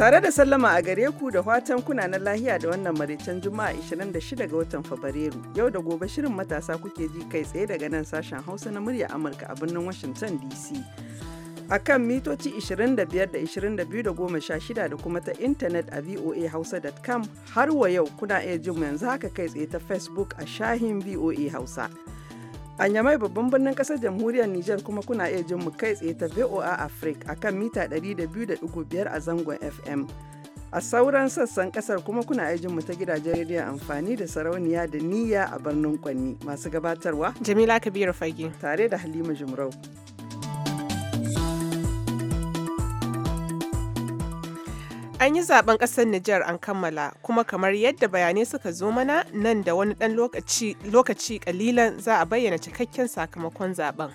Tare da sallama a gare ku da watan kuna na lahiya da wannan maraicen Juma'a 26 ga watan Fabrairu. Yau da gobe shirin matasa kuke ji kai tsaye daga nan sashen Hausa na murya Amurka a birnin Washington DC. A kan mitoci 25 da 22 da da kuma ta intanet a voa voahausa.com har wa yau kuna iya jin yanzu haka kai tsaye ta Facebook a shahin VOA Hausa. A Nyamai babban birnin kasar jamhuriyar Nijar kuma kuna iya jin mu kai tsaye ta VOA Africa akan mita 200.5 a zangon FM. A sauran sassan kasar kuma kuna iya jin mu ta gidajen rediyon amfani da sarauniya da niyya a birnin Kwanni masu gabatarwa. Jamila Kabiru Fage. Tare da Halima Jumrau. An yi zaben ƙasar Nijar an kammala kuma kamar yadda bayanai suka zo mana nan da wani ɗan lokaci, lokaci kalilan za a bayyana cikakken sakamakon zaben.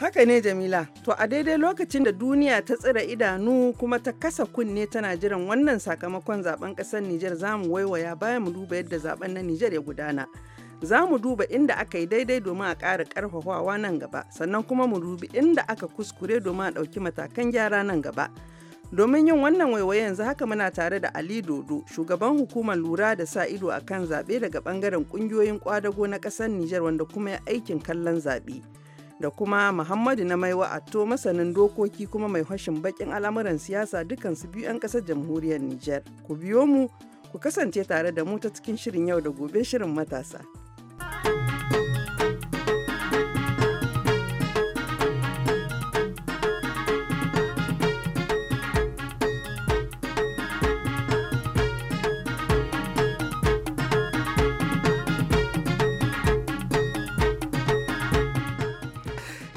Haka ne Jamila, to a daidai lokacin da duniya ta tsira idanu kuma ta kasa kunne tana jiran wannan sakamakon zaben ƙasar Nijar za mu waiwaya bayan mu duba yadda zaben na Nijar ya gudana. za mu duba inda aka yi daidai domin a ƙara ƙarfafawa nan gaba sannan kuma mu dubi inda aka kuskure domin a ɗauki matakan gyara nan gaba Domin yin wannan waiwaye yanzu haka muna tare da Ali Dodo, shugaban hukumar lura da sa ido a kan zaɓe daga ɓangaren ƙungiyoyin ƙwadago na ƙasar Nijar wanda kuma ya aikin kallon zaɓe. Da kuma Muhammadu na mai Atto masanin dokoki kuma mai hashin baƙin al'amuran siyasa su biyu 'yan ƙasar jamhuriyar Nijar. Ku biyo mu, ku kasance tare da mu ta cikin shirin yau da gobe shirin matasa.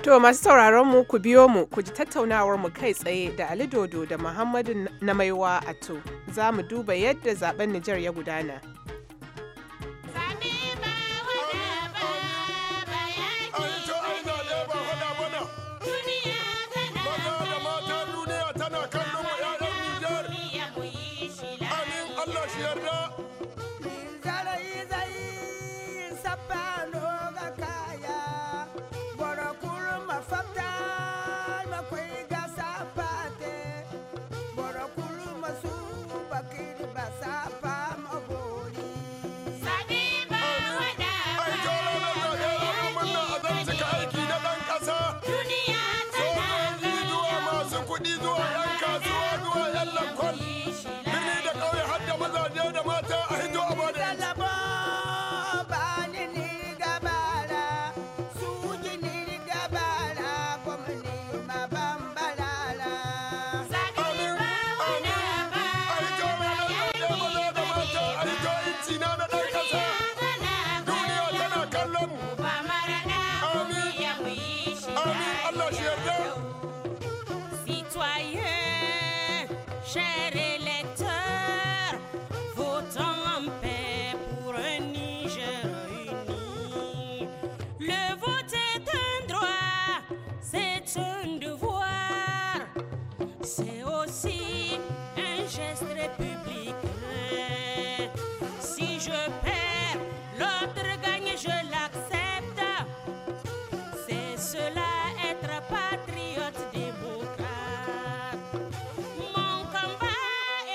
To masu sauraron mu ku biyo mu ku ji tattaunawar mu kai tsaye da Ali Dodo da Muhammadu na a Ato. Za mu duba yadda zaben Nijar ya gudana. share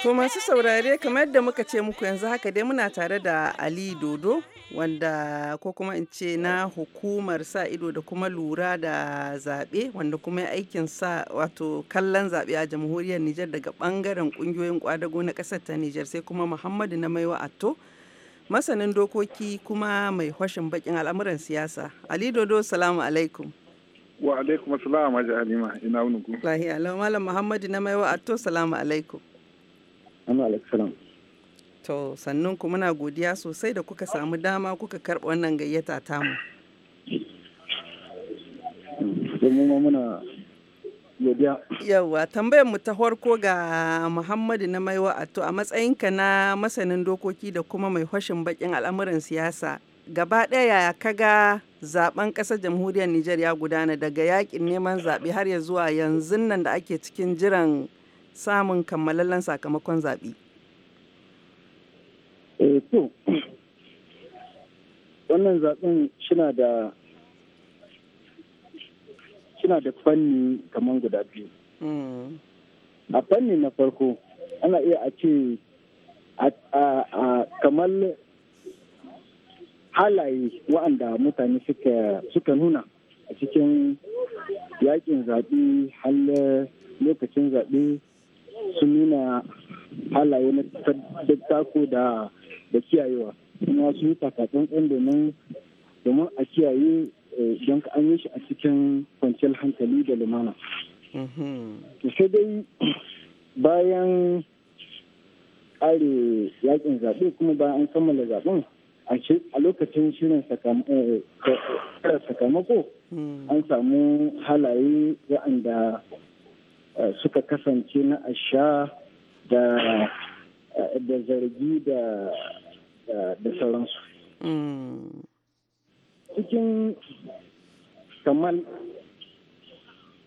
To masu saurare kamar da muka ce muku yanzu haka dai muna tare da Ali Dodo wanda ko kuma in ce na hukumar sa ido da kuma lura da zaɓe wanda kuma ya aikin sa wato kallon zaɓe a jamhuriyar Nijar daga ɓangaren ƙungiyoyin ƙwadago na ƙasar ta Nijar sai kuma Muhammadu na maiwa Atto masanin dokoki kuma mai hwashin bakin al'amuran siyasa. Ali Dodo salamu alaikum. Wa alaikum salamu Haji Halima ina wuni ku. Lahiya Malam Muhammadu na maiwa Atto salamu alaikum. to sannan ku muna godiya sosai da kuka samu dama kuka karɓi wannan gayyata mu. muna godiya Yawwa tambayar mu ta farko ga muhammadu na maiwa ato a matsayinka na masanin dokoki da kuma mai hoshin bakin al'amuran siyasa gaba ɗaya yaya kaga zaben ƙasar jamhuriyar Nijar ya gudana daga yakin neman zaɓe har ya zuwa yanzu nan da ake cikin jiran samun kammalallen sakamakon zaɓe? Eh, to wannan zaɓen shina da shina da fanni kamar guda biyu mm. a fanni na farko ana iya a ce kamar halaye waanda mutane suka nuna a cikin yakin zaɓe har lokacin zaɓe sun nuna halaye na tako da kiyayewa kuma sun yi takatsantsan domin domin a kiyaye eh, don ka an yi shi a cikin kwanciyar hankali da lumana. Mm-hmm. sai dai bayan kare yakin zaɓe kuma bayan an kammala zaɓen a lokacin shirin eh, eh, sakamako mm. an samu halaye waɗanda Eh, suka kasance na asha da eh, da zargi da da sauransu mm. cikin kamar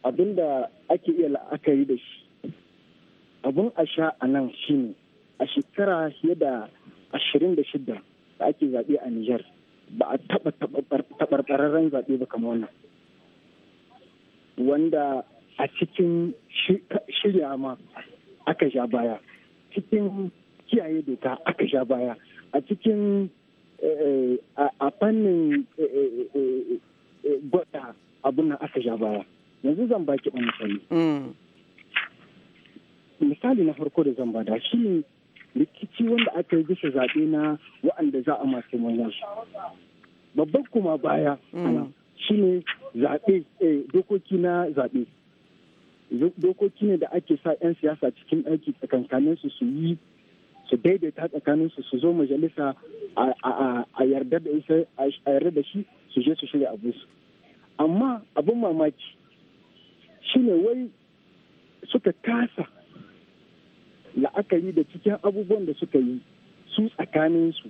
abinda ake iya la'akari da shi abin asha a nan shi ne a shekara fiye da ashirin da shida da ake zaɓe a Nijar ba a taɓa taɓarɓararren zaɓe ba kamar wannan wanda a cikin shirya ma aka sha baya cikin kiyaye doka aka sha baya a cikin eh, eh, a fannin eh, gwada abin aka sha baya yanzu zan baki ba misali mm. misali na farko da zan bada shi ne rikici wanda aka yi bisa zaɓe na waɗanda za a masu manyan babban kuma baya mm. shi ne zaɓe dokoki na zaɓe dokoki ne da ake sa 'yan siyasa cikin aiki tsakankanin su su yi su daidaita tsakaninsu su zo majalisa a yarda da shi su je su shirya abu su amma abin mamaki shine wai suka kasa la'akari da cikin abubuwan da suka yi su tsakaninsu.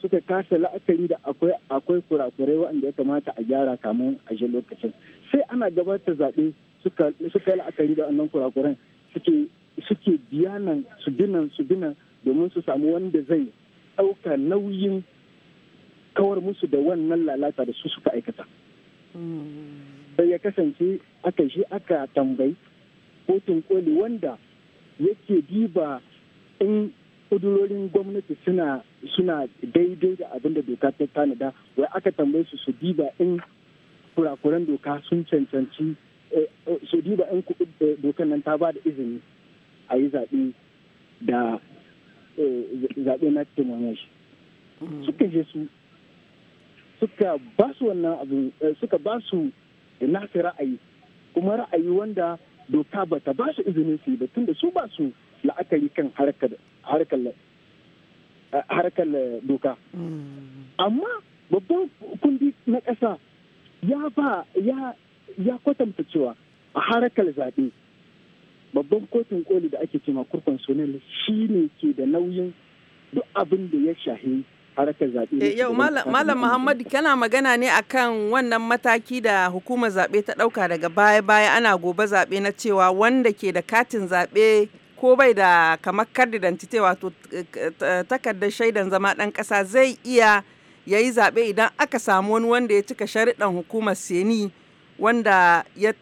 suka kasa la'akari da akwai akwai kurakurai waɗanda ya kamata a gyara kamun a shi lokacin sai ana gabatar zaɓe suka yi la'akari da wannan kurakuran suke suke biyanan su binan su binan domin su samu wanda zai ɗauka nauyin kawar musu da wannan lalata da su suka aikata. Hmm. Sai ya kasance aka shi aka tambayi kotun koli wanda yake diba in kudurorin gwamnati suna suna daidai da abin da doka ta tanada wai aka tambaye su su diba in kurakuran doka sun cancanci eh, eh, su diba in eh, dokan nan ta ba da izini a yi zaɓe da zaɓe na timoniyashi mm. suka je su suka ba su wannan abu suka ba su nasu ra'ayi kuma ra'ayi wanda doka ba ta ba su izinin su yi ba tunda su ba su la'akari kan harkar harkar eh, doka mm. amma babban kundi na ƙasa ya ba ya kwatanta cewa a harkar zaɓe babban kotun koli da ake cewa kurkon sonel shi ne ke da nauyin duk abin da ya shahi harkar zaɓe. Eh, yau malam muhammadu kana magana ne akan wannan mataki da hukumar zaɓe ta ɗauka daga baya-baya ana gobe zaɓe na cewa wanda ke da katin zaɓe ko bai da kamar card identity wato eh, eh, takardar shaidan zama ɗan ƙasa zai iya ya yi zaɓe idan aka samu wani wanda ya cika sharuɗan hukumar seni wanda ya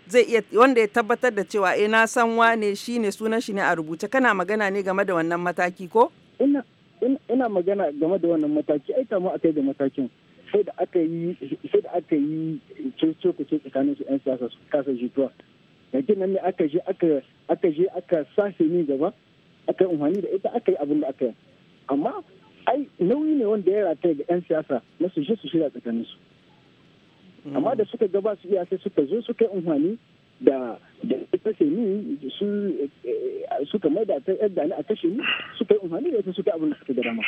tabbatar da cewa eh na san wane shi ne sunan shi ne a rubuce kana magana ne game da wannan mataki ko? ina magana game da wannan mataki ai a akai da matakin sai da aka yi sai da aka yi ce tsakanin su 'yan siyasa su kasa jituwa yanke nan ne aka je aka je aka sashe ni gaba aka yi umarni da ita aka yi abin da aka yi amma ai nauyi ne wanda ya rataya ga 'yan siyasa na su su shirya tsakanin su mm. amma da suka gaba su iya sai suka zo suka yi umarni da da ita ce ni su eh, suka mai da ta yadda ni a kashe ni suka yi umarni da ita suka abin da suka gada dama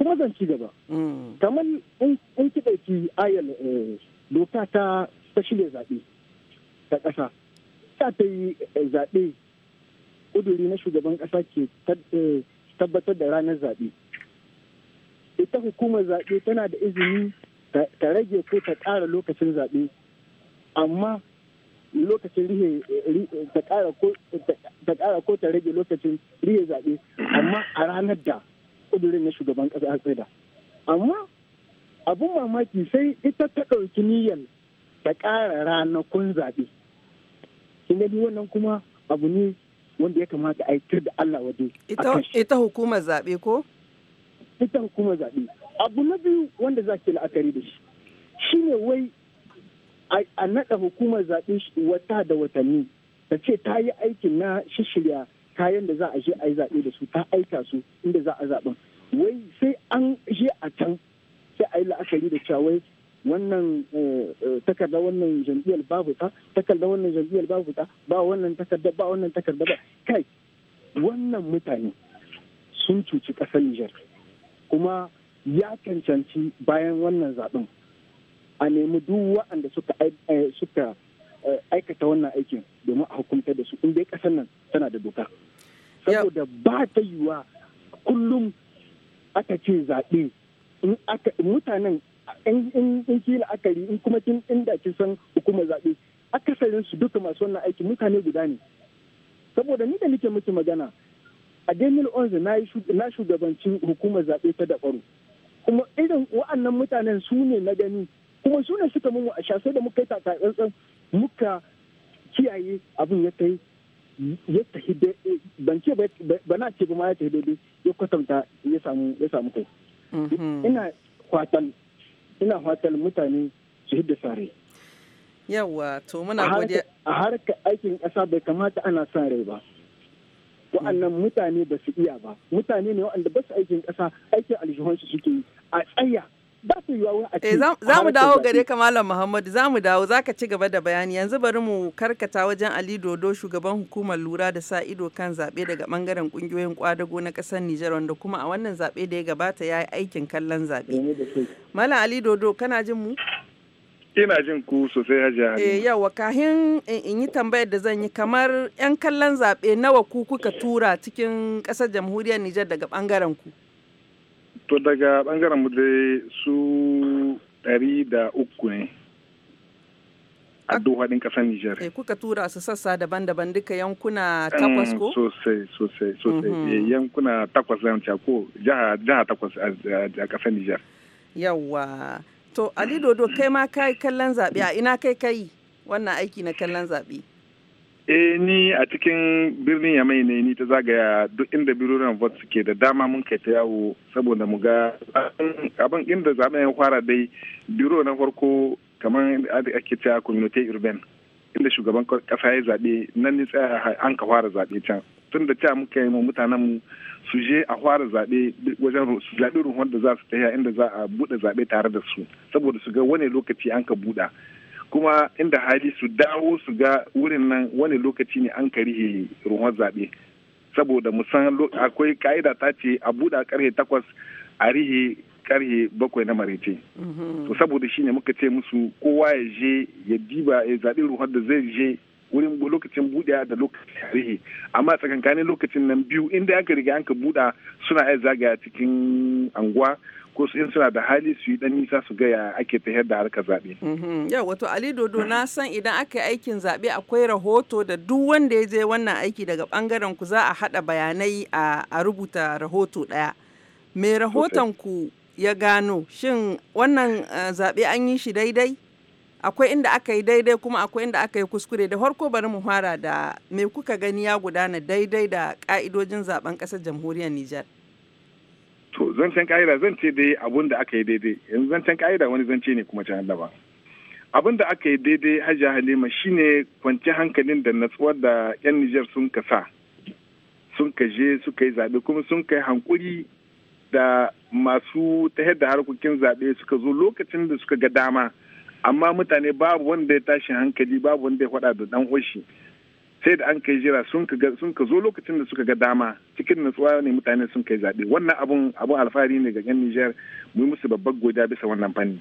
kuma zan ci gaba mm. kamar in ki ayal eh, doka ta ta shirya zaɓe ta ƙasa sa ta yi eh, zaɓe ƙuduri na shugaban ƙasa ke eh, tabbatar da ranar zaɓe ita hukumar zaɓe tana da izini ta rage ko ta ƙara lokacin zaɓe amma lokacin rihe eh, ta ƙara ko ta rage lokacin rihe zaɓe amma a ranar da ƙudurin na shugaban ƙasa a tsada amma abun mamaki sai ita ta ɗauki niyyar ta ƙara ranakun zaɓe kin gani wannan kuma abu ne wanda ya kamata a yi da Allah waje ita hukumar zaɓe ko ita hukumar zaɓe abu na biyu wanda za ke la'akari da shi shine wai a naɗa hukumar zaɓe wata da watanni ta ce ta yi aikin na shishirya kayan da za a je a yi zaɓe da su ta aika su inda za a zaɓen wai sai an je a can sai a yi la'akari da cewa wai wannan eh, eh, takarda wannan jam'iyyar babu ta takarda wannan jam'iyyar babu ta ba wannan takarda ba wannan takarda ba kai wannan mutane sun cuci ƙasar Nijar kuma ya cancanci bayan wannan zaɓen a nemi duk waɗanda suka eh, aikata wannan aikin domin a hukunta da su in dai ƙasar nan tana da doka saboda ba ta yiwuwa kullum aka ce zaɓe mutanen in ki la'akari in kuma kin inda kin san hukumar zaɓe akasarin su duka masu wannan aiki mutane guda ne saboda ni da nake miki magana a 2011 na shugabanci hukumar zaɓe ta dabaru kuma irin wa'annan mutanen su ne na gani kuma su ne suka mun a sai da muka yi takatsantsan muka kiyaye abin ya kai ya tafi eh, ban ce ba na ce ba ma ya tafi daidai ya kwatanta ya samu kai mhm. ina kwatan ina fatan mutane su hidda sare yawa to muna gode. a harkar aikin ƙasa bai kamata ana sa rai ba wa'annan mutane ba su iya ba mutane ne wa'anda ba su aikin ƙasa aikin aljihunsu suke yi a tsaya ba su yiwa a ce eh, za mu dawo gare ka malam muhammadu za mu dawo za ka ci gaba da bayani yanzu bari mu karkata wajen ali dodo shugaban hukumar lura da sa ido kan zaɓe daga bangaren kungiyoyin kwadago na ƙasar nijar wanda kuma a wannan zaɓe da ya gabata ya yi aikin kallon zaɓe malam ali dodo kana jin mu ina jin ku sosai hajiya eh yawa kahin in yi tambayar da zan yi kamar yan kallon zaɓe nawa ku kuka tura cikin ƙasar jamhuriyar nijar daga bangaren ku to daga bangaren mu dai su ɗari da uku ne a duhadin ƙasar Nijar. Eh, kuka tura su sassa daban-daban duka yankuna mm, takwas ko? Sosai, sosai, sosai. Mhm. Eh, yankuna takwas zan ko jiha takwas a ƙasar Nijar. Yawwa. To, Ali Dodo, kai ma kai kallon zaɓe a ina kai kai wannan aiki na kallon zaɓe? eh ni a cikin birnin yamai ne ni ta zagaya duk inda birorin vote suke da dama mun kai ta yawo saboda mu ga abin inda zaben ya fara dai biro na farko kamar ake cewa community urban inda shugaban kasa ya zaɓe nan ne tsaya an ka fara zaɓe can tun da cewa muka yi mu mutanen mu su je a fara zaɓe wajen su zaɓi ruhun da za su tafiya inda za a buɗe zaɓe tare da su saboda su ga wani lokaci an ka buɗa kuma inda hali su dawo su ga wurin nan wani lokaci ne an karihe ruwan zaɓe saboda musan akwai ka'ida ta ce a buɗa karhe takwas a rihe karhe bakwai na marece mhm. to saboda shi ne muka ce musu kowa ya je ya diba ya zaɓi ruwan da zai je wurin lokacin buɗe da lokacin rihe amma tsakankanin lokacin nan biyu inda aka riga an ka buɗa suna iya zagaya cikin anguwa ko su in suna da hali su yi dan nisa su gaya ake tafiyar da harkar zaɓe. Mhm. Yau wato Ali Dodo na san idan aka yi aikin zaɓe akwai rahoto da duk wanda ya je wannan aiki daga bangaren ku za a haɗa bayanai a rubuta rahoto ɗaya. Me rahoton ku ya gano shin wannan eh, zaɓe an yi shi daidai? Akwai inda aka yi daidai kuma akwai inda aka yi kuskure da farko bari mu fara da me kuka gani ya gudana daidai da ka'idojin zaben ƙasar jamhuriyar Nijar. to zancen ka'ida zan dai abun da aka yi daidai yanzu zancen ka'ida wani zance ne kuma can daban abun da aka yi daidai hajji halima shine kwanci hankalin da natsuwar da yan nijar sun ka sa sun ka je suka yi zaɓe kuma sun kai hankuri da masu ta da harkokin zaɓe suka zo lokacin da suka ga dama amma mutane babu wanda ya tashi hankali babu wanda ya faɗa da dan oshi sai da an kai jira sun ka zo lokacin da suka ga dama cikin natsuwa ne mutane sun kai zaɓe wannan abun abun alfahari ne ga yan Nijar mu musu babbar godiya bisa wannan fanni.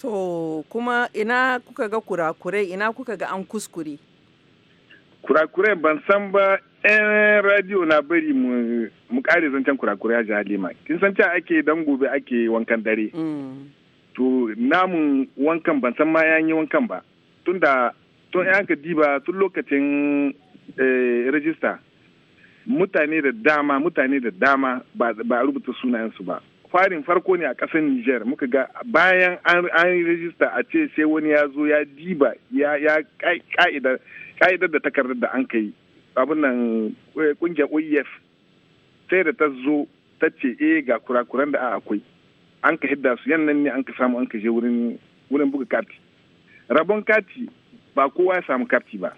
To kuma ina kuka ga kurakurai ina kuka ga an kuskure. Kurakurai ban san ba 'yan radio na bari mu kare zancen kurakurai a lima kin san cewa ake dan gobe ake wankan dare. Mm. To namun wankan ban san ma yi wankan ba tunda tun yan ka diba tun lokacin eh, rajista mutane da dama mutane da dama ba a rubuta sunayensu ba farin farko ne a ƙasar niger muka ga bayan an yi rajista a ce sai wani ya zo ya diba ya ka'idar da takardar da an kai abin nan kungiyar eh, oef sai da ta zo ta ce eh ga kurakuran da a akwai an ka hidda su yannan ne an ka samu an ka je wurin buga kati rabon kati ba kowa ya samu kafti ba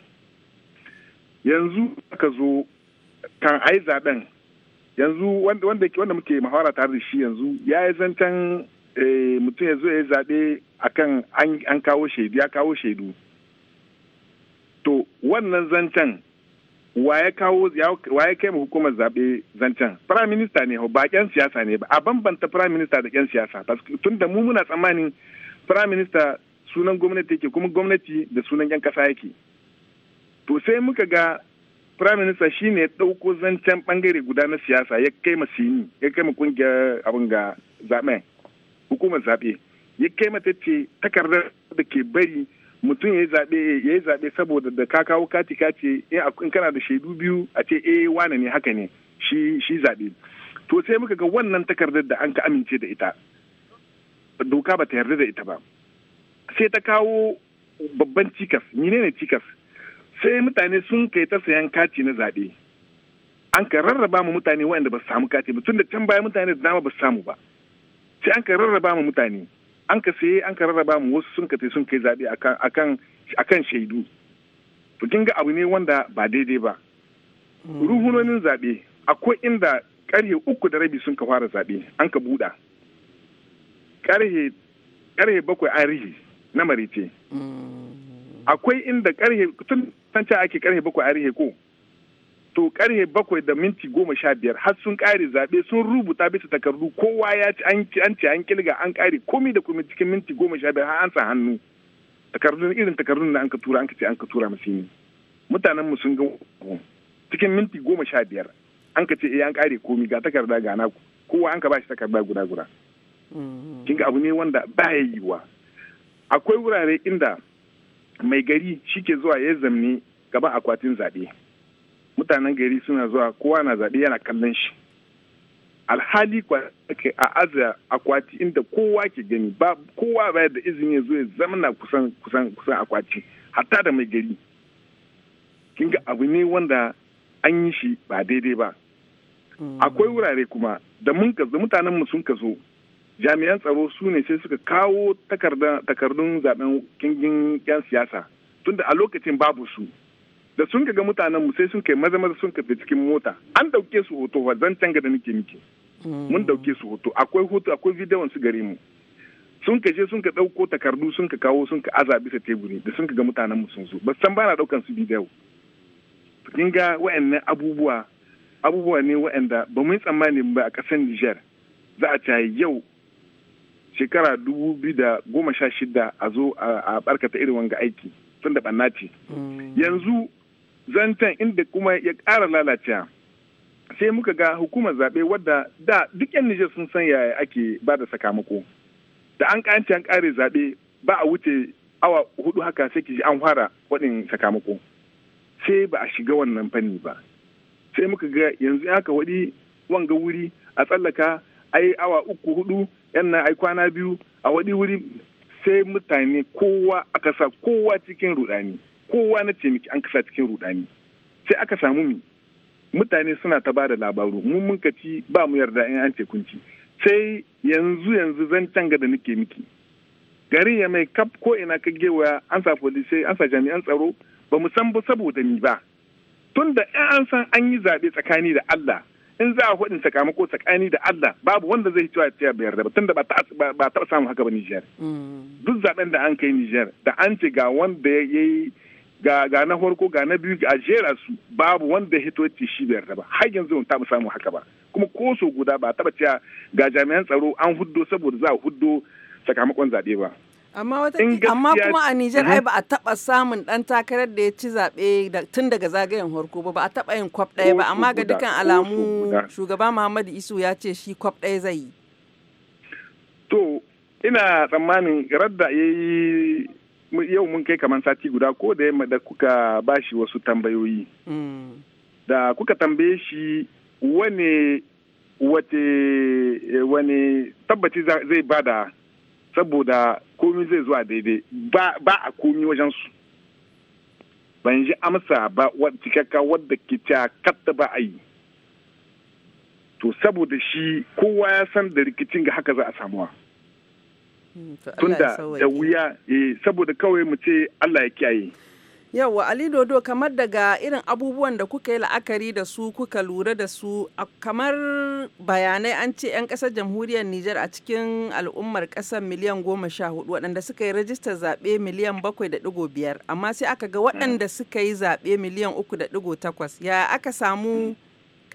yanzu aka zo kan ai zaben yanzu wanda wanda muke muhawara tare da shi yanzu ya yi zancen eh, mutum ya zo ya zaɓe akan an kawo shaidu ya kawo shaidu to wannan zancen wa ya kai mu hukumar zaɓe zancen prime minister ne ba ƴan siyasa ne ba a bambanta prime minister da ƴan siyasa tunda mu muna tsammanin prime minister sunan gwamnati yake kuma gwamnati da sunan 'yan kasa yake to sai muka ga prime minister shine ya ɗauko zancen bangare guda na siyasa ya kai ma sini ya kai ma kungiyar abin ga zaɓe hukumar zaɓe ya kai ma ta ce takardar da ke bari mutum ya yi zaɓe ya yi zaɓe saboda da ka kawo kati kati eh, in kana da shaidu biyu a ce eh wane ne haka ne shi shi zaɓe to sai muka ga wannan takardar da an ka amince da ita doka ba ta yarda da ita ba sai ta kawo babban cikas menene cikas sai mutane sun kai ta sayan kati na zaɓe an ka rarraba mu mutane waɗanda ba su samu kati ba tun da can baya mutane da dama ba su samu ba sai an ka rarraba mu mutane an ka saye an ka rarraba mu wasu sun kai sun kai zaɓe akan kan shaidu to kin ga abu ne wanda ba daidai ba hmm. ruhunonin zaɓe akwai inda karhe uku da rabi sun ka fara zaɓe an ka buɗa karhe bakwai an rihe na marice akwai inda karhe tun ce ake karhe bakwai a rihe ko to karhe bakwai da minti goma sha biyar har sun kare zaɓe sun rubuta bisa takardu kowa ya ci an ci an ci an kilga an kare komi da komi cikin minti goma sha biyar har an sa hannu takardun irin takardun da an ka tura an ka ce an ka tura masu yi mutanen mu sun ga cikin minti goma sha biyar an ka ce eh an kare komi ga takarda ga na kowa an ka ba shi takarda guda guda kinga abu ne wanda ya yiwuwa. akwai wurare inda mai gari shi ke zuwa ya zamni gaba akwatin zaɓe mutanen gari suna zuwa kowa na zaɓe yana kallon shi alhali kwa a aza akwati inda kowa ke gani ba kowa baya da izini ya zo ya zamana kusan kusan kusan akwati hatta da mai gari kin ga abu ne wanda an yi shi ba daidai ba hmm. akwai wurare kuma da mun kazo mutanen mu sun kazo jami'an tsaro su ne sai suka kawo takardun zaben kingin 'yan siyasa tunda a lokacin babu su da sun ga mutanen mu sai sun kai maza maza sun kafe cikin mota an dauke su hoto wa zan canga da nake miki mm. mun dauke su hoto akwai hoto akwai bidiyon su gare mu sun ka je sun ka dauko takardu sun ka kawo sun ka aza bisa teburi da sun ka ga mutanen mu sun zo ba san bana daukan su bidiyo kin ga wayannan abubuwa abubuwa ne wayanda ba mun yi tsammani ba a kasar Niger za a ta yau shekara dubu biyu da goma sha shida a zo a barkata irin wanga aiki tun da ɓanna ce. Mm. Yanzu zantan inda kuma ya ƙara lalacewa. sai muka ga hukumar zaɓe wadda da duk 'yan Nijar sun san yaya ake ba da sakamako. Da an ƙanci an ƙare zaɓe ba a wuce awa hudu haka sai ki an fara waɗin sakamako. Sai ba a shiga wannan fanni ba. Sai muka ga yanzu haka waɗi wanga wuri a tsallaka ai awa uku hudu yan na ai kwana biyu a waɗi wuri sai mutane kowa aka sa kowa cikin rudani kowa na ce miki an kasa cikin rudani sai aka samu mi mutane suna ta ba da labaru mun mun ci ba mu yarda in an ce kunci sai yanzu yanzu zan canga da nake miki garin ya mai kaf ko ina ka gewaya an sa polisai an sa jami'an tsaro ba mu san ba saboda ni ba tunda da an san an yi zaɓe tsakani da Allah in za a hudin sakamako tsakani da Allah babu wanda zai cewa ya bai yarda ba tunda ba ba taɓa samun haka ba Nijar. Mm. Duk zaɓen da an kai Nijar da an ce ga wanda ya ga ga na farko ga na biyu a jera su babu wanda ya hito ce shi bai yarda ba har yanzu ba taɓa samun haka ba kuma ko so guda ba taba cewa ga jami'an tsaro an huddo saboda za a huddo sakamakon zaɓe ba. Amma kuma a Nijar ai mhm. ba a taɓa samun ɗan takarar da ya ci zaɓe tun daga zagayen harko ba ba a taba yin kwaf ɗaya ba amma ga dukkan alamu shugaba Muhammadu Isu ya ce shi kwaf ɗaya zai yi. To ina tsammanin radda ya yi yau mun kai kamar sati guda ko da yamma da kuka bashi wasu tambayoyi. Mm. Da kuka tambaye shi wane wace eh, tabbaci zai bada saboda komi zai zuwa daidai ba a komi wajen su ban ji amsa ba cikakka wadda ke ta katta ba a yi to saboda shi kowa ya san da rikicin ga haka za a samuwa hmm, tunda da wuya eh, saboda kawai mu ce Allah ya kiyaye Yawwa Ali Dodo kamar daga irin abubuwan da kuka yi la'akari da su kuka lura da su kamar bayanai an ce 'yan kasar jamhuriyar Nijar a cikin al'ummar kasar miliyan goma sha hudu waɗanda suka yi rajistar zaɓe miliyan bakwai da ɗigo biyar amma sai aka ga waɗanda suka yi zaɓe miliyan uku da ɗigo takwas ya aka samu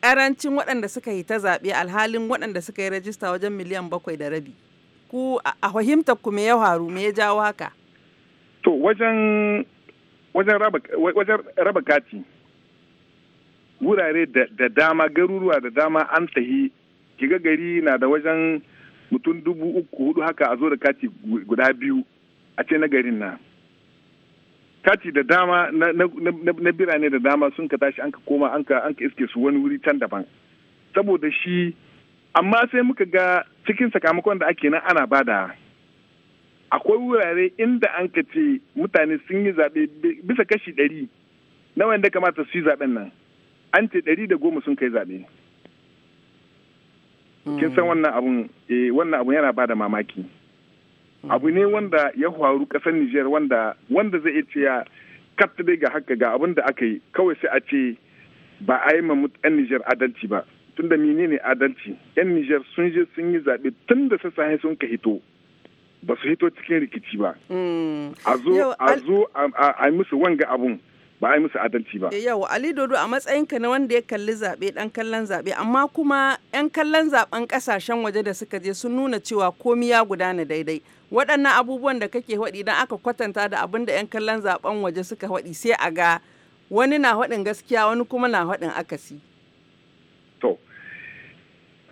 ƙarancin waɗanda suka yi ta zaɓe alhalin waɗanda suka yi rajista wajen miliyan bakwai da rabi ku a fahimtar ku me ya faru me ya jawo haka to wajen wajen raba kati wurare da dama garuruwa da dama an tahi kiga gari na da wajen mutum dubu uku hudu haka a zo da kati guda biyu a ce na garin na kati da dama na birane da dama sun ka tashi an ka koma an ka iske su wani wuri can daban saboda shi amma sai muka ga cikin sakamakon da ake nan ana bada akwai wurare inda an ka ce mutane sun yi zaɓe bisa kashi ɗari na wanda kamata su yi zaɓen nan an ce ɗari da goma sun kai zaɓe kin san wannan abun eh wannan abun yana bada mamaki abu ne wanda ya faru ƙasar Nijar wanda wanda zai ya katta dai ga haka ga abin da aka yi kawai sai a ce ba a yi ma 'yan Nijar adalci ba tunda menene adalci 'yan Nijar sun je sun yi zaɓe tun da sassahe sun ka hito ba su hito cikin rikici ba hmm. a zo a zo a yi musu wanga abun ba a yi musu adalci ba yau ali dodo a matsayinka na wanda ya kalli zaɓe ɗan kallon zaɓe amma kuma 'yan kallon zaɓen ƙasashen waje da suka je sun nuna cewa komi ya gudana daidai waɗannan abubuwan da kake waɗi idan aka kwatanta da abin da 'yan kallon zaɓen waje suka waɗi sai a ga wani na haɗin gaskiya wani kuma na haɗin akasi to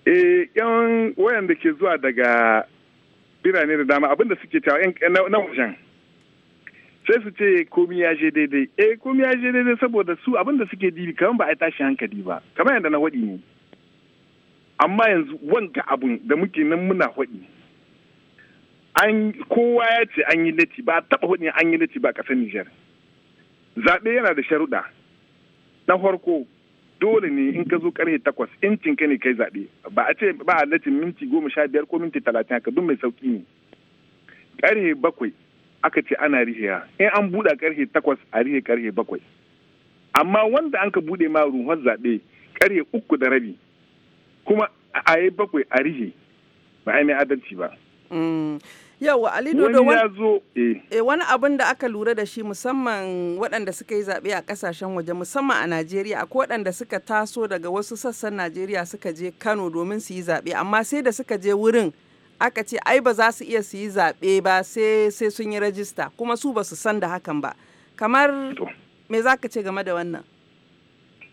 eh yan wayanda ke zuwa daga birane da dama abinda suke cewa na wajen sai su ce komi ya je daidai eh komi ya je daidai saboda su abinda suke dibi kamar ba a tashi hankali ba kamar yadda na waɗi ne amma yanzu wanka abun da muke nan muna waɗi an kowa ya ce an yi lati ba taɓa waɗi an yi lati ba ƙasar Nijar zaɓe yana da sharuɗa na farko dole ne in ka zo karfe takwas in ka ne kai zaɓe ba a ce ba a minti goma sha biyar ko minti talatin haka duk mai sauki ne karfe bakwai aka ce ana ha in an buɗa karfe takwas a rihe karfe bakwai amma wanda an ka buɗe ma ruhon zaɓe karfe uku da rabi kuma a yi bakwai a rihe ba a mai adalci ba. Mm. Yawa Ali Dodo wani eh. eh, abin da aka lura da shi musamman waɗanda suka yi zaɓe a ƙasashen waje musamman a Najeriya akwai waɗanda suka taso daga wasu sassan Najeriya suka je Kano domin su yi zaɓe amma sai da suka je wurin aka ce ai ba za su iya su yi zaɓe ba sai sun yi rajista kuma su ba su san da hakan ba kamar me za ka ce game da wannan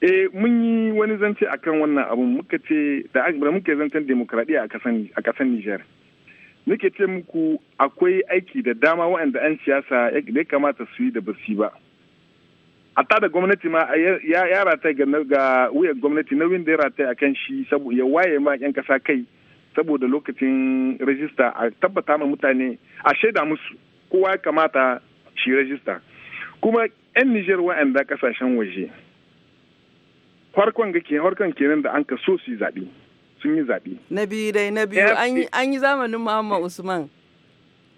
eh mun yi wani zance akan wannan abun muka ce da muke zancen demokradiya a kasan Nijar. nake ce muku akwai aiki da dama waɗanda 'yan siyasa ya kamata su yi da basi ba a tada gwamnati ma ya rata ga wuyar gwamnati nauyin da ya rata a kan shi saboda ya waye ma 'yan kasa kai saboda lokacin rajista a tabbata ma mutane a shaida musu kowa ya kamata shi rajista kuma 'yan nijar waɗanda kasashen waje farkon kenan da an ka so su yi zaɓe sun yi zaɓe. Na biyu dai na biyu an yi zamanin Muhammad Usman.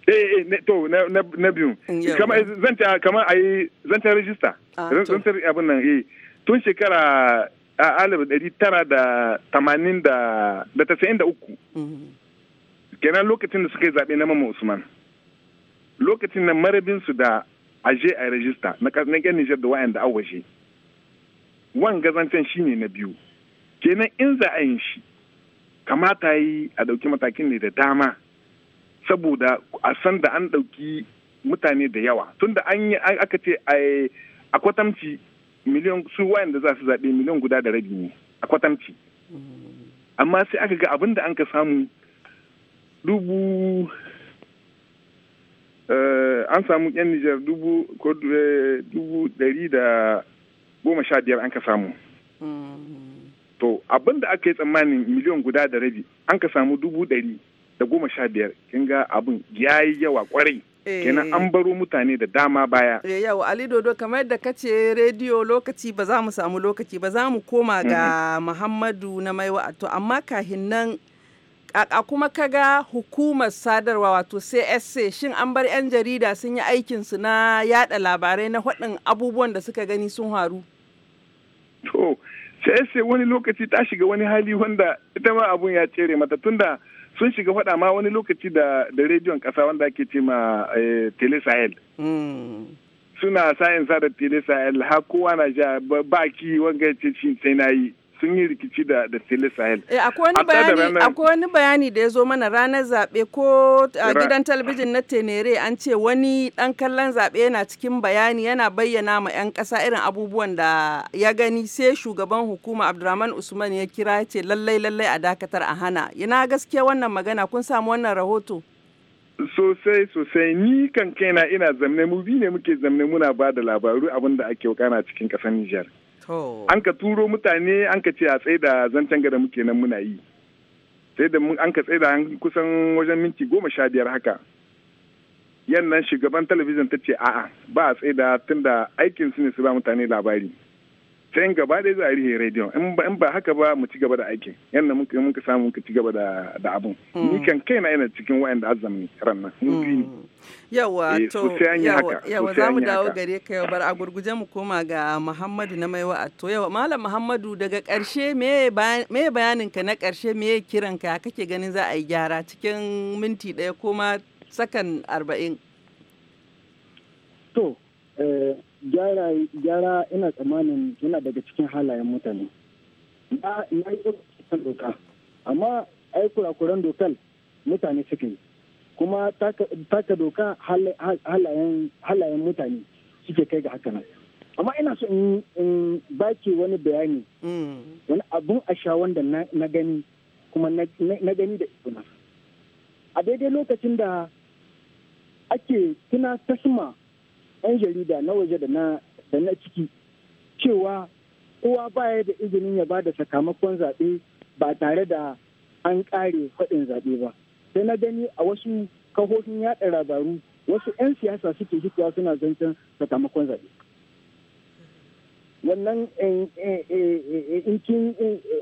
Eh eh to na biyu. Mm, Kamar eh, a yi zanta rajista. Ah, zanta abin nan eh tun shekara a alif ɗari tara da tamanin da da tasa'in da uku. Mm-hmm. Kenan lokacin da suka yi zaɓe na Muhammad Usman. Lokacin na marabinsu da aje a rajista na ƙasar Nijar da wa'anda awashe. Wan gazancen shine na biyu. Kenan in za a yin shi kamata yi a ɗauki matakin ne da dama saboda a san da an ɗauki mutane da yawa tunda an yi aka ce a kwatamci miliyan su wayan da za su zaɓe miliyan guda da rabi ne a kwatamci amma sai aka ga abin da an ka samu dubu eh, an samu yan nijar dubu eh, dubu dari da goma sha biyar an ka samu mm-hmm. to abin da aka yi tsammanin miliyan guda da rabi an ka samu dubu ɗari da goma sha biyar kin ga abin ya yi yawa kwarai eh. kenan an baro mutane da dama baya. Eh, yau Ali Dodo kamar da ka ce rediyo lokaci ba za mu samu lokaci ba za mu koma ga mhm. Muhammadu na maiwa to amma kahin nan a kuma kaga hukumar sadarwa wato CSC shin an bar 'yan jarida sun yi aikin su na yada labarai na haɗin abubuwan da suka gani sun haru. To sai wani lokaci ta shiga wani hali wanda ita ma abun ya cere mata tunda sun shiga faɗa ma wani lokaci da da rediyon ƙasa wanda ake ce ma eh, tele hmm. suna sa'in sa da tele sahel har kowa na ja baki wanga ce shi sai na yi sun yi rikici da da Sahel. Eh, akwai wani bayani da ya zo mana ranar zaɓe ko a gidan talabijin na Tenere an ce wani ɗan kallon zaɓe yana cikin bayani yana bayyana ma 'yan ƙasa irin abubuwan da ya gani sai shugaban hukuma Abdurrahman Usman ya kira ya ce lallai lallai a dakatar a hana. Ina gaskiya wannan magana kun samu wannan rahoto? sosai sosai ni kan kaina ina zamne mu bi ne muke zamne muna ba da labaru abin da ake wakana cikin ƙasar Nijar. An ka turo mutane an ka ce a tsaye da zancen gada muke nan muna yi. Sai da an ka tsaye da kusan wajen minti goma sha biyar haka. Yannan shugaban talabijin ta ce a'a ba a tsaye da tunda aikin su ne su ba mutane labari. sai gaba ɗaya za a rihe rediyon in ba haka ba mu ci gaba da aikin yadda muka muka samu muka ci gaba da abun hmm. ni kan kai na yana cikin wa'anda azumi ran nan bi ni hmm. yawa eh, to yawa za mu dawo gare ka yau bar a gurguje mu koma ga Muhammadu na maiwa a to yawa malam Muhammadu daga karshe me me bayanin ka na karshe me kiran ka kake ganin za a yi gyara cikin minti ɗaya ko ma sakan arba'in to eh gyara ina tsammanin yana daga cikin halayen mutane na yi kan doka amma ai kurakuran dokal mutane suka yi kuma taka doka halayen mutane suke kai ga haka nan amma ina so in baki wani bayani mm. wani abun a wanda na gani kuma na gani da ikuna a daidai lokacin da ake tuna tasma 'yan jarida na waje da na ciki cewa kowa baya da izinin ya ba da sakamakon zaɓe ba tare da an ƙare faɗin zaɓe ba sai na gani a wasu kafofin yaɗa labaru wasu 'yan siyasa suke hitowa suna zancen sakamakon zaɓe wannan eh, eh, eh, inkin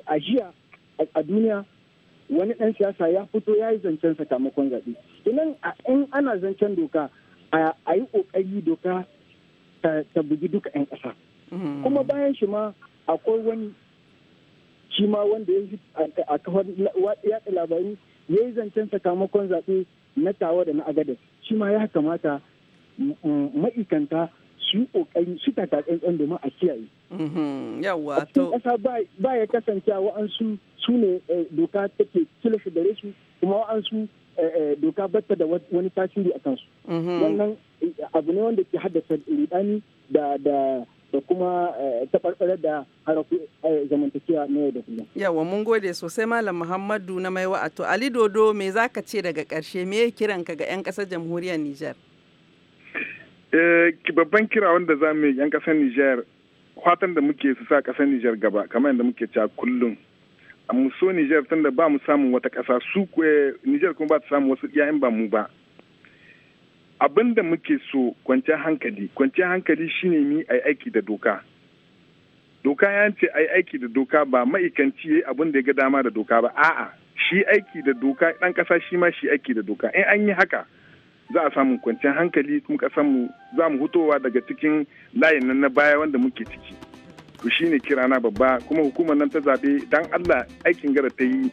ajiya a duniya wani ɗan siyasa ya fito ya yi zancen sakamakon zaɓe idan in ana zancen doka a yi ƙoƙari doka ta bugi duka 'yan ƙasa mm-hmm. kuma bayan shi ma akwai wani shi ma wanda ya ta kafar yaɗa ya yi zancen sakamakon zaɓe na tawa da na agadar shi ma ya kamata ma'ikanta su yi ƙoƙari su ta taka tsantsan domin a kiyaye. Mm-hmm. Yawwa to. ƙasa ba ya kasancewa wa'ansu su ne eh, doka take kila su gare su kuma wa'ansu Eh, eh, doka batta da wani tasiri a kansu mhm. wannan eh, abu ne wanda ke haddasa rudani da da da kuma tabarbarar da harafi zamantakewa na yau da kullum. Yawa mun gode sosai Malam Muhammadu na mai wa'ato. Ali Dodo me za ka ce daga ƙarshe me ya kiran ka ga 'yan ƙasar jamhuriyar Nijar? Babban kira wanda za mu yi 'yan ƙasar Nijar fatan da muke su sa ƙasar Nijar gaba kamar yadda muke cewa kullum mu so Nijar tunda ba mu samun wata ƙasa su Nijar kuma ba ta samun wasu iyayen ba mu ba. Abin da muke so kwanciyar hankali, kwanciyar hankali shine ni a aiki da doka. Doka ya ce a aiki da doka ba ma'aikanci ya yi abin da ya ga dama da doka ba, a'a shi aiki da doka ɗan ƙasa shi ma shi aiki da doka. In an yi haka za a samu kwanciyar hankali kuma ƙasar mu za mu hutowa daga cikin layin nan na baya wanda muke ciki. to ne kirana babba kuma hukumar nan ta zaɓe dan Allah aikin gara ta yi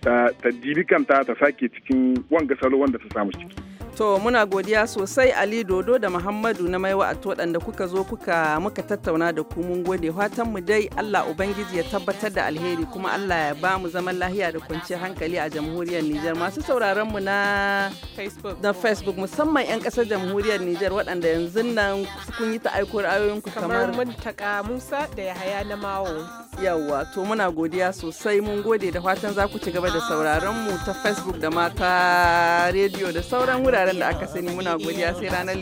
ta dibi kanta ta sake cikin wanga salo wanda ta samu ciki To muna godiya sosai Ali Dodo da Muhammadu na maiwa a waɗanda kuka zo kuka muka tattauna da ku mun gode fatan mu dai Allah Ubangiji ya tabbatar da alheri kuma Allah ya ba mu zaman lahiya da kwanciyar hankali a jamhuriyar Nijar masu sauraron mu na Facebook na Facebook musamman 'yan ƙasar jamhuriyar Nijar waɗanda yanzu nan kun yi ta aiko ra'ayoyin ku kamar mun taka Musa da Yahaya na Mawo yawa to muna godiya sosai mun gode da fatan za ku ci gaba da sauraron mu ta Facebook da mata rediyo da sauran wurare ranar da aka sani muna godiya sai ranar